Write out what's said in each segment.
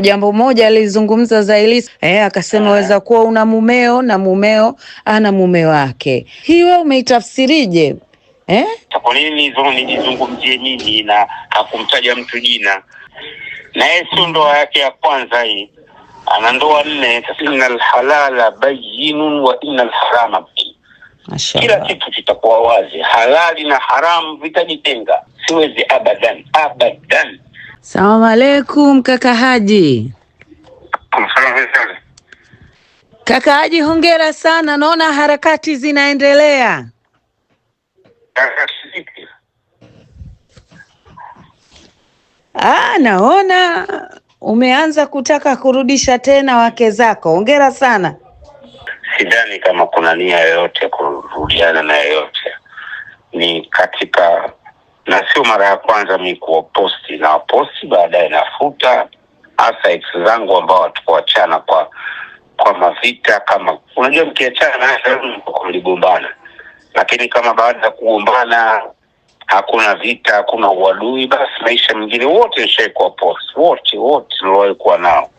Jambo moja alizungumza Zaiylissa eh, akasema ah. Weza kuwa una mumeo na mumeo ana mume wake. Hii wewe umeitafsirije? Eh, kwa nini nijizungumzie mimi na hakumtaja mtu jina? Na yeye sio ndoa yake ya kwanza hii, ana ndoa nne. Innal halala bayyinun wa innal harama kila kitu kitakuwa wazi, halali na haramu vitajitenga, siwezi abadan abadan Salamu alaikum kaka Haji. Kaka Haji, hongera sana, naona harakati zinaendelea. Ah, naona umeanza kutaka kurudisha tena wake zako, hongera sana. Sidhani kama kuna nia yoyote kurudiana na yoyote, ni katika na sio mara ya kwanza mi kuwa posti na waposti, baadaye nafuta, hasa ex zangu ambao hatukuachana kwa kwa mavita. Kama unajua mkiachana mligombana, lakini kama baada ya kugombana hakuna vita, hakuna uadui, basi maisha mengine wote nishaikuwa post, wote wote niliowaikuwa nao,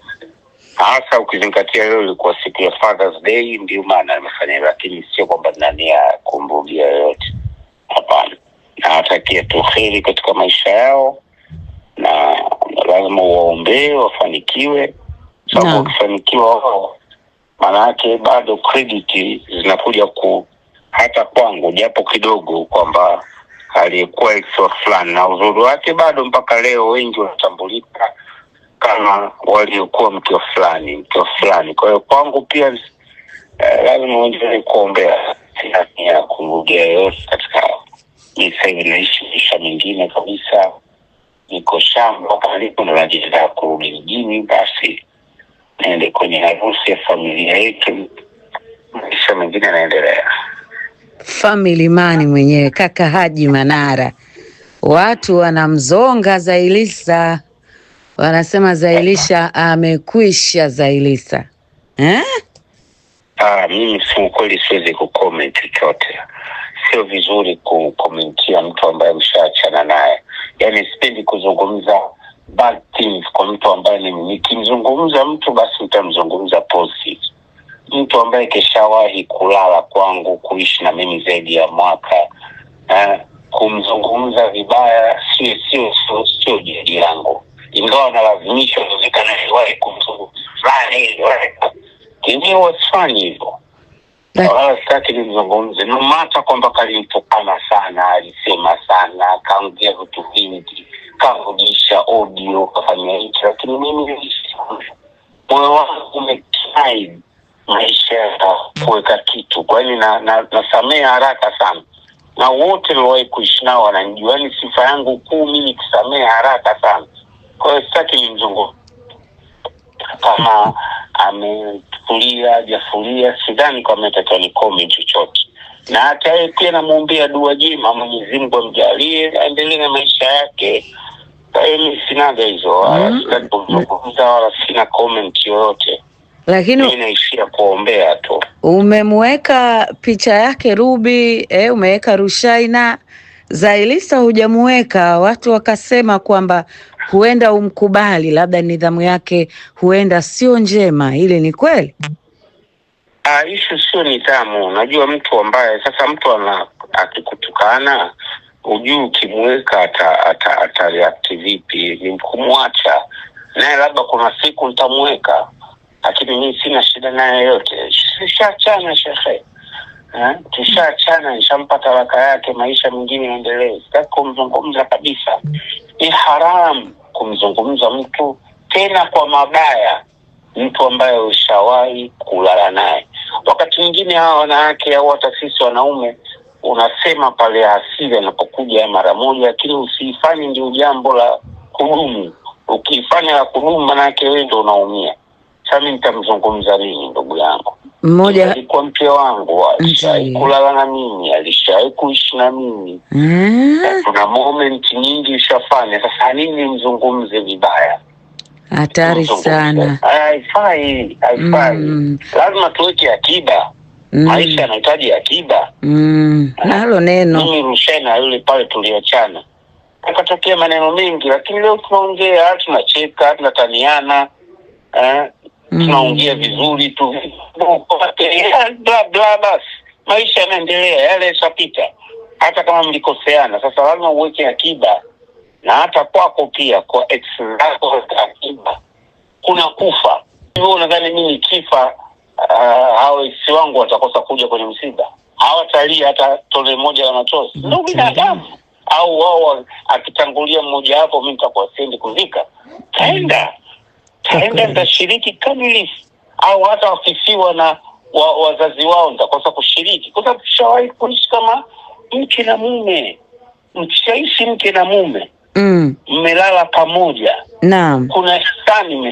hasa ukizingatia leo ilikuwa siku ya Father's Day, ndio maana nimefanya, lakini sio kwamba nania kumbugia tuwatakie tu heri katika maisha yao, na lazima waombee wafanikiwe, sababu wakifanikiwa wao maana bado krediti zinakuja ku hata kwangu japo kidogo, kwamba aliyekuwa ikiwa fulani na uzuri wake bado mpaka leo wengi wanatambulika kama waliokuwa mkiwa fulani mkiwa fulani. Kwa hiyo kwangu pia eh, lazima uendelee kuombea ya kumrudia yoyote katika nisawe naishi maisha mengine kabisa, niko shamba karibu, ndo najiandaa kurudi mjini, basi niende kwenye harusi ya familia yetu, maisha mengine yanaendelea. Family mani mwenyewe kaka Haji Manara, watu wanamzonga Zailisa, wanasema Zailisha amekwisha Zailisa eh? Ah, mimi si ukweli, siwezi kucomment chochote sio vizuri kukomentia mtu ambaye mshaachana naye. Yani sipendi kuzungumza bad things kwa mtu ambaye nikimzungumza mtu basi nitamzungumza Mtu ambaye kishawahi kulala kwangu, kuishi na mimi zaidi ya mwaka eh, kumzungumza vibaya sio sio sio jadi yangu, ingawa nalazimisha, inawezekana niwahi kumzungumza fulani, lakini wasifanye hivyo. Ah, sitaki nimzungumze Numata kwamba kalimtukana sana, alisema sana, akaongea vitu vingi, kavudisha audio, kafanya hiki lakini mimi moyo wangu umekai maisha ya kuweka kitu, kwani nasamea na, haraka sana na wote liwahi kuishi nao wananijua, ni yaani sifa yangu kuu mimi kusamea haraka sana. Kwa hiyo sitaki nimzungumze kama amefulia ajafulia sidhani kama atakiwa ni chochote, na hata yeye pia namwombea dua jema, mwenyezimgu amjalie aendelee na maisha yake. Kwa mi sinaga hizo mm, wala sina comment yoyote, lakini inaishia kuombea tu. Umemweka picha yake rubi eh, umeweka Rushaina Zailisa hujamuweka, watu wakasema kwamba huenda umkubali, labda nidhamu yake huenda sio njema. Ile ni kweli? Uh, ah, ishu sio nidhamu. Unajua mtu ambaye sasa mtu ana akikutukana hujui ukimweka ata, ata, ata react vipi, ni kumwacha naye, labda kuna siku nitamweka, lakini mimi sina shida naye yote, sishachana shehe eh, tushachana nishampa talaka yake, maisha mengine yaendelee. Sitaki kumzungumza kabisa ni haramu kumzungumza mtu tena kwa mabaya mtu ambaye ushawahi kulala naye. Wakati mwingine hawa wanawake au hata sisi wanaume unasema pale asili anapokuja mara moja, lakini usiifanye ndio jambo la kudumu. Ukiifanya la kudumu, manaake wendo unaumia. sami nitamzungumza nini ndugu yangu? mmoja alikuwa mke wangu, alishawahi kulala na mimi, alishawahi kuishi na mimi mm. Kuna moment nyingi ishafanya. Sasa nini mzungumze vibaya? Hatari sana, eh, haifai, haifai mm. Lazima tuweke akiba mm. Maisha yanahitaji akiba mm. Eh, Nalo neno mimi Rushaynah yule pale tuliachana, akatokea maneno mengi, lakini leo tunaongea, tunacheka, tunataniana eh? tunaongea vizuri tu eh, basi maisha yanaendelea, yale yashapita. Hata kama mlikoseana, sasa lazima uweke akiba, na hata kwako pia, kwa zako za akiba. Kuna kufa hivyo, nadhani mimi nikifa, uh, hao wangu watakosa kuja kwenye msiba, hawatalia hata tone moja la machozi. ndo binadamu au wao akitangulia mmoja wapo, mi nitakuwa siendi kuzika, taenda huenda nitashiriki kamilifu au hata wakifiwa na wa, wazazi wao nitakosa kushiriki, kwa sababu tushawahi kuishi kama mke na mume. Mkishaishi mke na mume mm. mmelala mm. pamoja, naam, kuna hisani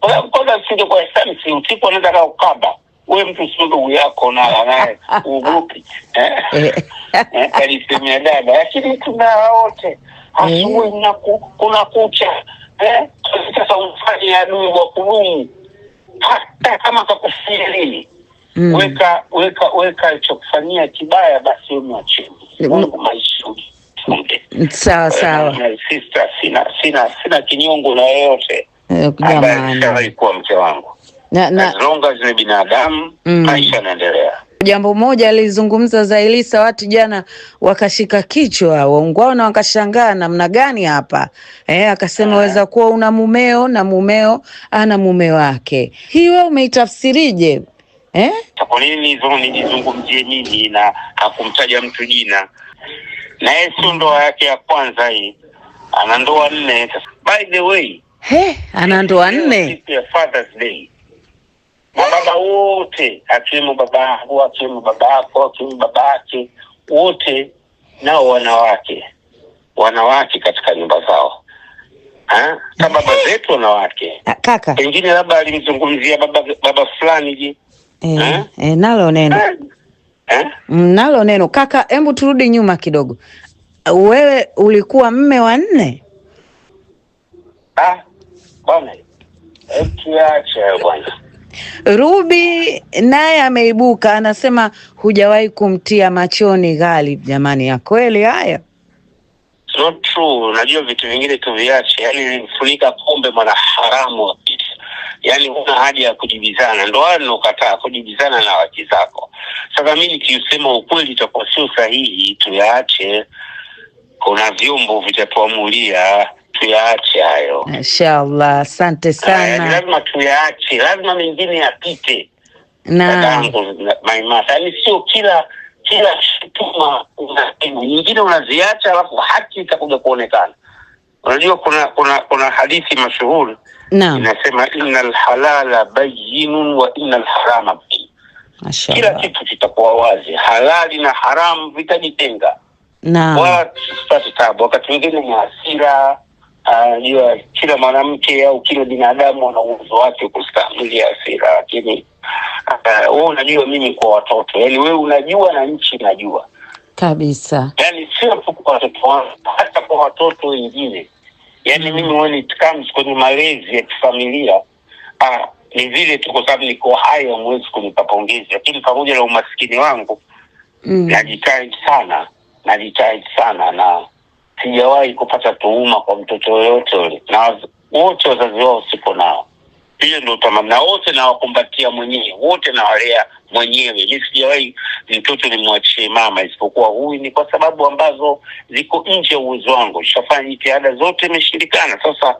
kwa sababu Kwanza singekuwa hisani, si usiku anaweza kaa ukaba we mtu sundugu yako na anaye ugupi kalisemea dada, lakini tuna wote eh? asubuhi mm. kuna kucha eh, sasa umfanye adui wa kudumu hata kama lini. Mm. Weka weka weka alichokufanyia kibaya, basi mm. sawa eh, sawa. sina sina sina kinyongo na eh, kuwa mke wangu na, na, as long as ni binadamu mm. maisha yanaendelea. Jambo moja alizungumza Zailisa, watu jana wakashika kichwa waungwao na wakashangaa namna gani hapa eh, akasema eh. weza kuwa una mumeo na mumeo ana mume wake. Hii wewe umeitafsirije eh? Kwa nini nijizungumzie nini na hakumtaja mtu jina? Na yeye sio ndoa yake ya kwanza hii, ana ndoa nne. By the way, he ana ndoa nne. Father's Day mama wote, akiwemo babangu, akiwemo babako, akiwemo babake, wote nao wanawake, wanawake katika nyumba zao ha? na baba zetu wanawake. Kaka pengine labda alimzungumzia baba baba fulani ji E, e, nalo neno mm, nalo neno kaka, hebu turudi nyuma kidogo. Wewe ulikuwa mme wa nne ah, bwana? Tuache bwana Rubi naye ameibuka anasema hujawahi kumtia machoni Ghalib. Jamani, ya kweli haya Not true. Najua vitu vingine tuviache, yani nilifunika pombe mwana haramu, yani huna haja ya kujibizana. Ndoa ninokataa kujibizana na wake zako. Sasa mimi nikiusema ukweli itakuwa sio sahihi, tuyaache. Kuna vyombo vitatuamulia tuyaache hayo, inshallah. Asante eh, sana. Lazima tuyaache, lazima mengine yapite yaani, sio kila kila shutuma nyingine unaziacha, alafu haki itakuja kuonekana. Unajua, kuna kuna kuna hadithi mashuhuri inasema, innal lhalala bayinun wa innal lharama bayyin. Kila kitu kitakuwa wazi, halali na haramu vitajitenga, wala tusipate tabu. Wakati mwingine ni hasira Najua ah, kila mwanamke au kila binadamu ana uwezo wake kustahimili hasira, lakini ah, wewe unajua, mimi kwa watoto, yaani wewe unajua na nchi najua kabisa, yaani sio tu kwa watoto wangu, hata kwa watoto wengine. Yaani mm. mimi when it comes kwenye malezi ya kifamilia ah, ni vile tu kwa sababu niko hai, hamwezi kunipa pongezi, lakini pamoja na umaskini wangu mm, najitahidi sana, najitahidi sana na sijawahi kupata tuhuma kwa mtoto yoyote ule na wote wazazi wao siko nao. Hiyo ndo tamam, na wote nawakumbatia mwenyewe, wote nawalea mwenyewe. Mi sijawahi mtoto nimwachie mama, isipokuwa huyu, ni kwa sababu ambazo ziko nje ya uwezo wangu. Shafanya jitihada zote, imeshindikana. Sasa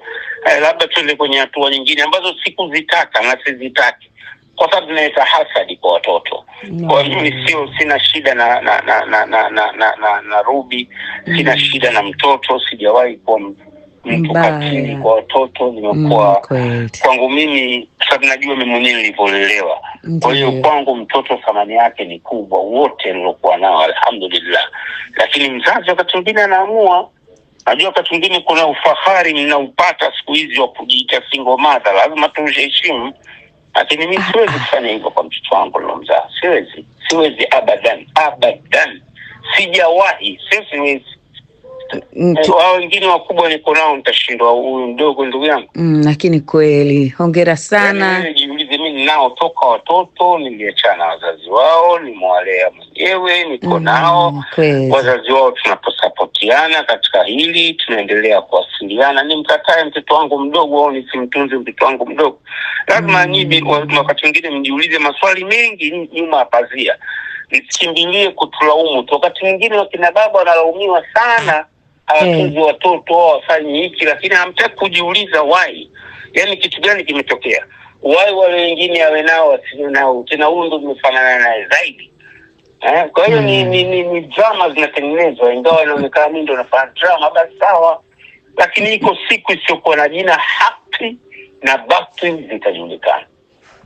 eh, labda tuende kwenye hatua nyingine ambazo sikuzitaka na sizitaki kwa sababu zinaleta hasadi kwa watoto. Kwa hiyo mimi sio, sina shida na na na na na, na, na, na, na Ruby mm. Sina shida na mtoto, sijawahi kuwa mtu katili kwa watoto, nimekuwa mm, kwangu mimi, sababu najua mimi mwenyewe nilivyolelewa. Kwa hiyo kwangu mtoto thamani yake ni kubwa, wote nilokuwa nao alhamdulillah, lakini mzazi wakati mwingine anaamua Najua wakati mwingine kuna ufahari mnaupata siku hizi wa kujiita single mother, lazima tuheshimu. Lakini mi siwezi kufanya hivyo kwa mtoto wangu nilomzaa, siwezi, siwezi abadan, abadan, sijawahi, si siwezi. Hao wengine wakubwa niko nao, nitashindwa huyu mdogo, ndugu yangu? Mm, lakini kweli hongera sana. Yaani jiulize, mi ninao toka watoto, niliachana wazazi wao, nimewalea mwenyewe, niko mm, nao wazazi wao tunaposa tunashirikiana katika hili, tunaendelea kuwasiliana. Ni mkatae mtoto wangu mdogo au nisimtunze mtoto wangu mdogo? Lazima mm. nyinyi wakati mwingine mjiulize maswali mengi nyuma ya pazia, kutulaumu tu. Wakati mwingine wakina baba wanalaumiwa sana, hawatunzi mm. watoto wao wafanyi hiki, lakini hamtaki kujiuliza wai yaani kitu gani kimetokea, wai wale wengine awe nao wasiwe nao tena. Huyu ndo umefanana naye zaidi Eh, kwa hiyo ni, hmm. ni, ni, ni drama zinatengenezwa, ingawa inaonekana mimi ndo nafanya drama, basi sawa, lakini iko siku isiyokuwa na jina, haki na bakti zitajulikana.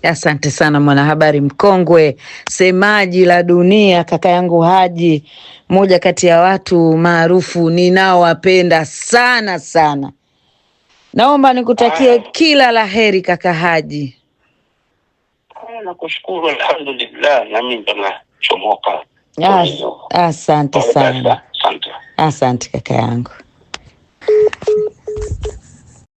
Asante sana mwanahabari mkongwe, semaji la dunia, kaka yangu Haji, moja kati ya watu maarufu ninaowapenda sana sana. Naomba nikutakie ah. kila la heri kaka Haji. Ah, nakushukuru, alhamdulillah, nami ndo chomoka. Ah, asante sana, asante kaka yangu.